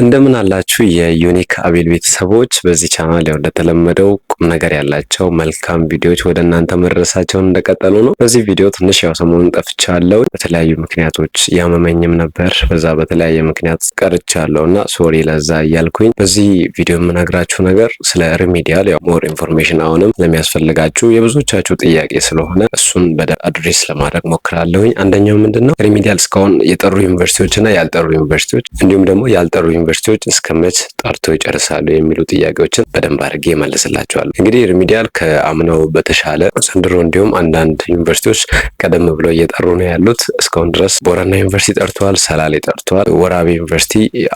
እንደምን አላችሁ የዩኒክ አቤል ቤተሰቦች። በዚህ ቻናል ያው እንደተለመደው ቁም ነገር ያላቸው መልካም ቪዲዮዎች ወደ እናንተ መድረሳቸውን እንደቀጠሉ ነው። በዚህ ቪዲዮ ትንሽ ያው ሰሞኑን ጠፍቻለሁ፣ በተለያዩ ምክንያቶች ያመመኝም ነበር። በዛ በተለያየ ምክንያት ቀርቻለሁ እና ሶሪ ለዛ እያልኩኝ በዚህ ቪዲዮ የምነግራችሁ ነገር ስለ ሪሚዲያል ያው ሞር ኢንፎርሜሽን አሁንም ለሚያስፈልጋችሁ የብዙዎቻችሁ ጥያቄ ስለሆነ እሱን በደ አድሬስ ለማድረግ ሞክራለሁኝ። አንደኛው ምንድን ነው ሪሚዲያል እስካሁን የጠሩ ዩኒቨርሲቲዎች እና ያልጠሩ ዩኒቨርሲቲዎች እንዲሁም ደግሞ ያልጠሩ ዩኒቨርሲቲዎች እስከ መች ጠርቶ ይጨርሳሉ የሚሉ ጥያቄዎችን በደንብ አድርጌ መልስላቸዋለሁ። እንግዲህ ሪሚዲያል ከአምናው በተሻለ ዘንድሮ እንዲሁም አንዳንድ ዩኒቨርሲቲዎች ቀደም ብለው እየጠሩ ነው ያሉት። እስካሁን ድረስ ቦረና ዩኒቨርሲቲ ጠርተዋል፣ ሰላሌ ጠርተዋል፣ ወራቤ ዩኒቨርሲቲ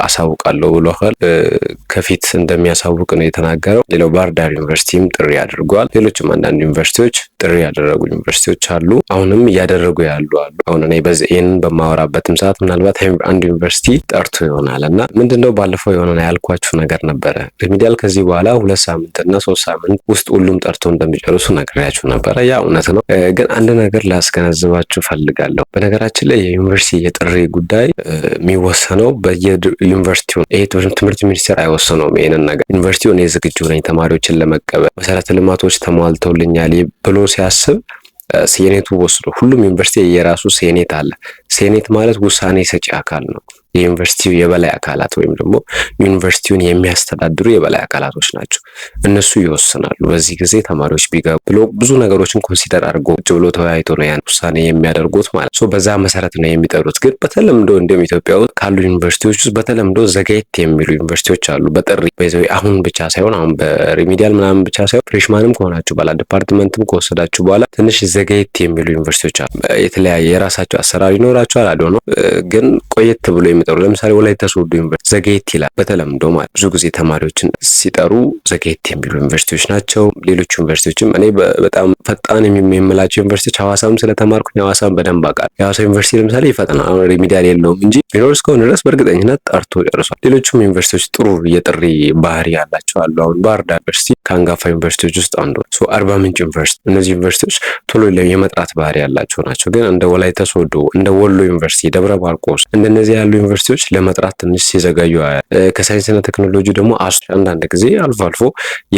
አሳውቃለሁ ብለዋል። ከፊት እንደሚያሳውቅ ነው የተናገረው። ሌላው ባህር ዳር ዩኒቨርሲቲም ጥሪ አድርጓል። ሌሎችም አንዳንድ ዩኒቨርሲቲዎች ጥሪ ያደረጉ ዩኒቨርሲቲዎች አሉ። አሁንም እያደረጉ ያሉ አሉ። አሁን እኔ ይህንን በማወራበትም ሰዓት ምናልባት አንድ ዩኒቨርሲቲ ጠርቶ ይሆናል እና ምንድነው ባለፈው የሆነ ያልኳችሁ ነገር ነበረ። ሪሚዲያል ከዚህ በኋላ ሁለት ሳምንት እና ሶስት ሳምንት ውስጥ ሁሉም ጠርቶ እንደሚጨርሱ ነግሬያችሁ ነበረ። ያ እውነት ነው፣ ግን አንድ ነገር ላስገነዝባችሁ ፈልጋለሁ። በነገራችን ላይ የዩኒቨርሲቲ የጥሪ ጉዳይ የሚወሰነው በየዩኒቨርሲቲውን ይሄ ትምህርት ሚኒስቴር አይወሰነውም። ይህንን ነገር ዩኒቨርሲቲውን ዝግጁ ነኝ ተማሪዎችን ለመቀበል መሰረተ ልማቶች ተሟልተውልኛል ብሎ ሲያስብ ሴኔቱ ወስዶ ሁሉም ዩኒቨርሲቲ የራሱ ሴኔት አለ። ሴኔት ማለት ውሳኔ ሰጪ አካል ነው። የዩኒቨርሲቲው የበላይ አካላት ወይም ደግሞ ዩኒቨርሲቲውን የሚያስተዳድሩ የበላይ አካላቶች ናቸው። እነሱ ይወስናሉ። በዚህ ጊዜ ተማሪዎች ቢገቡ ብሎ ብዙ ነገሮችን ኮንሲደር አድርጎ ቁጭ ብሎ ተወያይቶ ነው ያን ውሳኔ የሚያደርጉት ማለት ነው። በዛ መሰረት ነው የሚጠሩት። ግን በተለምዶ እንደም ኢትዮጵያ ውስጥ ካሉ ዩኒቨርሲቲዎች ውስጥ በተለምዶ ዘገየት የሚሉ ዩኒቨርሲቲዎች አሉ። በጥሪ አሁን ብቻ ሳይሆን አሁን በሪሚዲያል ምናምን ብቻ ሳይሆን ፍሬሽማንም ከሆናችሁ በኋላ ዲፓርትመንትም ከወሰዳችሁ በኋላ ትንሽ ዘገየት የሚሉ ዩኒቨርሲቲዎች አሉ። የተለያየ የራሳቸው አሰራር ይኖራቸዋል። አልሆነ ግን ቆየት ብሎ የሚጠሩ ለምሳሌ ወላይታ ሶዶ ዩኒቨርሲቲ ዘጌት ይላል በተለምዶ ማለት ብዙ ጊዜ ተማሪዎችን ሲጠሩ ዘጌት የሚሉ ዩኒቨርሲቲዎች ናቸው። ሌሎች ዩኒቨርሲቲዎችም እኔ በጣም ፈጣን የሚመላቸው ዩኒቨርሲቲዎች ሀዋሳም ስለተማርኩኝ ሀዋሳም በደንብ አውቃለሁ። የሀዋሳ ዩኒቨርሲቲ ለምሳሌ ይፈጥናል አሁን ሪሚዲያል የለውም እንጂ ቢኖር እስከሆነ ድረስ በእርግጠኝነት ጠርቶ ጨርሷል። ሌሎቹም ዩኒቨርሲቲዎች ጥሩ የጥሪ ባህሪ ያላቸው አሉ። አሁን ባህር ዩኒቨርሲቲ ከአንጋፋ ዩኒቨርሲቲዎች ውስጥ አንዱ ነው። አርባ ምንጭ ዩኒቨርሲቲ እነዚህ ዩኒቨርሲቲዎች ቶሎ የመጥራት ባህሪ ያላቸው ናቸው። ግን እንደ ወላይታ ሶዶ፣ እንደ ወሎ ዩኒቨርሲቲ፣ ደብረ ማርቆስ እንደነዚህ ያሉ ዩኒቨርሲቲዎች ለመጥራት ትንሽ ሲዘገዩ ከሳይንስና ቴክኖሎጂ ደግሞ አስ አንዳንድ ጊዜ አልፎ አልፎ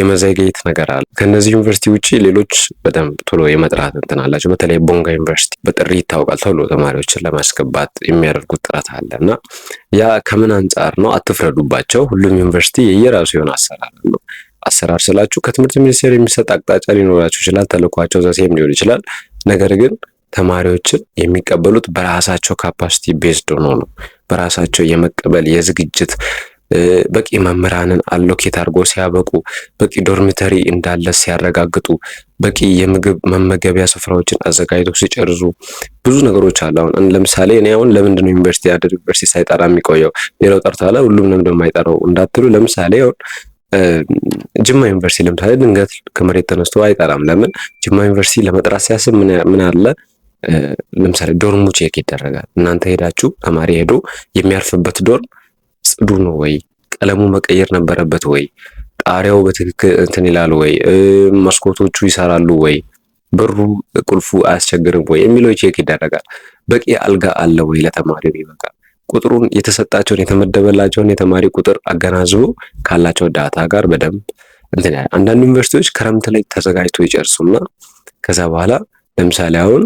የመዘገየት ነገር አለ። ከእነዚህ ዩኒቨርሲቲ ውጭ ሌሎች በጣም ቶሎ የመጥራት እንትን አላቸው። በተለይ ቦንጋ ዩኒቨርሲቲ በጥሪ ይታወቃል። ቶሎ ተማሪዎችን ለማስገባት የሚያደርጉት ጥረት አለ እና ያ ከምን አንጻር ነው አትፍረዱባቸው። ሁሉም ዩኒቨርሲቲ የየራሱ የሆነ አሰራር ነው። አሰራር ስላችሁ ከትምህርት ሚኒስቴር የሚሰጥ አቅጣጫ ሊኖራችሁ ይችላል። ተልኳቸው ዘሴም ሊሆን ይችላል። ነገር ግን ተማሪዎችን የሚቀበሉት በራሳቸው ካፓሲቲ ቤዝድ ሆኖ ነው። በራሳቸው የመቀበል የዝግጅት በቂ መምህራንን አሎኬት አድርጎ ሲያበቁ፣ በቂ ዶርሚተሪ እንዳለ ሲያረጋግጡ፣ በቂ የምግብ መመገቢያ ስፍራዎችን አዘጋጅቶ ሲጨርሱ ብዙ ነገሮች አሉ። አሁን ለምሳሌ እኔ አሁን ለምንድነው ዩኒቨርሲቲ አደር ዩኒቨርሲቲ ሳይጠራ የሚቆየው ሌላው ጠርቷል ሁሉም ለምንድነው የማይጠራው እንዳትሉ፣ ለምሳሌ ጅማ ዩኒቨርሲቲ ለምሳሌ ድንገት ከመሬት ተነስቶ አይጠራም። ለምን? ጅማ ዩኒቨርሲቲ ለመጥራት ሲያስብ ምን አለ ለምሳሌ ዶርሙ ቼክ ይደረጋል። እናንተ ሄዳችሁ ተማሪ ሄዶ የሚያርፍበት ዶርም ጽዱ ነው ወይ፣ ቀለሙ መቀየር ነበረበት ወይ፣ ጣሪያው በትክክል እንትን ይላል ወይ፣ መስኮቶቹ ይሰራሉ ወይ፣ በሩ ቁልፉ አያስቸግርም ወይ የሚለው ቼክ ይደረጋል። በቂ አልጋ አለ ወይ ለተማሪው ይበቃል ቁጥሩን የተሰጣቸውን የተመደበላቸውን የተማሪ ቁጥር አገናዝቦ ካላቸው ዳታ ጋር በደንብ እንትን ያለ። አንዳንድ ዩኒቨርሲቲዎች ክረምት ላይ ተዘጋጅቶ ይጨርሱና ከዛ በኋላ ለምሳሌ አሁን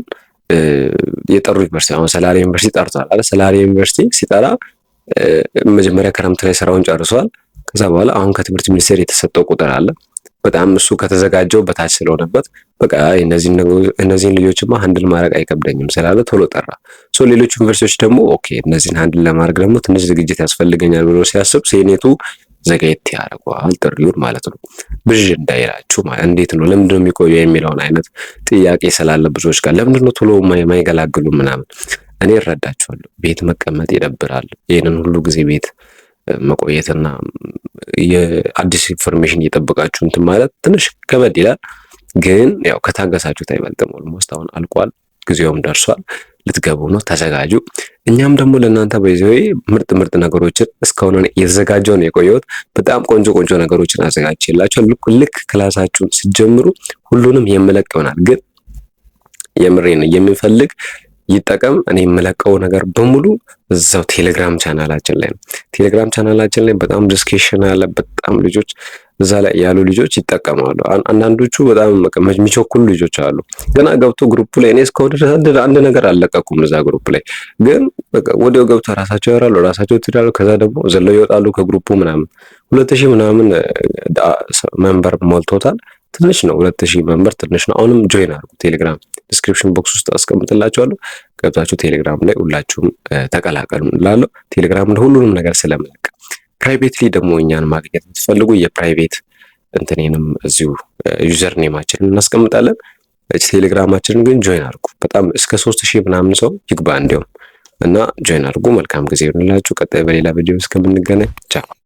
የጠሩ ዩኒቨርሲቲ አሁን ሰላሌ ዩኒቨርሲቲ ጠርቷል አለ። ሰላሌ ዩኒቨርሲቲ ሲጠራ መጀመሪያ ክረምት ላይ ስራውን ጨርሷል። ከዛ በኋላ አሁን ከትምህርት ሚኒስቴር የተሰጠው ቁጥር አለ። በጣም እሱ ከተዘጋጀው በታች ስለሆነበት በቃ እነዚህን ልጆችማ ሀንድል ማድረግ አይከብደኝም ስላለ ቶሎ ጠራ። ሌሎች ዩኒቨርሲቲዎች ደግሞ ኦኬ እነዚህን ሀንድል ለማድረግ ደግሞ ትንሽ ዝግጅት ያስፈልገኛል ብሎ ሲያስብ ሴኔቱ ዘጋየት ያደርገዋል ጥሪውን ማለት ነው። ብዥ እንዳይላችሁ እንዴት ነው ለምንድን ነው የሚቆዩ የሚለውን አይነት ጥያቄ ስላለ ብዙዎች ጋር ለምንድን ነው ቶሎ የማይገላግሉ ምናምን እኔ እረዳችኋለሁ። ቤት መቀመጥ ይደብራል። ይህንን ሁሉ ጊዜ ቤት መቆየትና የአዲስ ኢንፎርሜሽን እየጠበቃችሁ እንትን ማለት ትንሽ ከበድ ይላል። ግን ያው ከታገሳችሁት አይበልጥም። ኦልሞስት አሁን አልቋል፣ ጊዜውም ደርሷል። ልትገቡ ነው፣ ተዘጋጁ። እኛም ደግሞ ለእናንተ በዚህ ምርጥ ምርጥ ነገሮችን እስካሁን የተዘጋጀው ነው የቆየሁት። በጣም ቆንጆ ቆንጆ ነገሮችን አዘጋጅቼላችሁ ልክ ክላሳችሁን ስትጀምሩ ሁሉንም የምለቅ ይሆናል ግን የምሬን የሚፈልግ ይጠቀም። እኔ የምለቀው ነገር በሙሉ እዛው ቴሌግራም ቻናላችን ላይ ነው። ቴሌግራም ቻናላችን ላይ በጣም ዲስኬሽን አለ። በጣም ልጆች እዛ ላይ ያሉ ልጆች ይጠቀማሉ። አንዳንዶቹ በጣም የሚቸኩሉ ልጆች አሉ። ገና ገብቶ ግሩፕ ላይ እኔ እስከሆነ አንድ ነገር አልለቀኩም እዛ ግሩፕ ላይ ግን ወዲያው ገብቶ ራሳቸው ያወራሉ፣ ራሳቸው ትዳሉ። ከዛ ደግሞ ዘለው ይወጣሉ ከግሩፑ ምናምን። ሁለት ሺህ ምናምን መንበር ሞልቶታል። ትንሽ ነው። ሁለት ሺህ መንበር ትንሽ ነው። አሁንም ጆይን አድርጉ። ቴሌግራም ዲስክሪፕሽን ቦክስ ውስጥ አስቀምጥላችኋለሁ። ገብታችሁ ቴሌግራም ላይ ሁላችሁም ተቀላቀሉ እንላለሁ። ቴሌግራም ላይ ሁሉንም ነገር ስለምልክ ፕራይቬትሊ ደግሞ እኛን ማግኘት የምትፈልጉ የፕራይቬት እንትኔንም እዚሁ ዩዘር ኔማችንን እናስቀምጣለን። ቴሌግራማችንን ግን ጆይን አድርጉ። በጣም እስከ ሶስት ሺህ ምናምን ሰው ይግባ እንዲሁም እና ጆይን አድርጉ። መልካም ጊዜ ይሁንላችሁ። ቀጣይ በሌላ ቪዲዮ እስከምንገናኝ ቻው።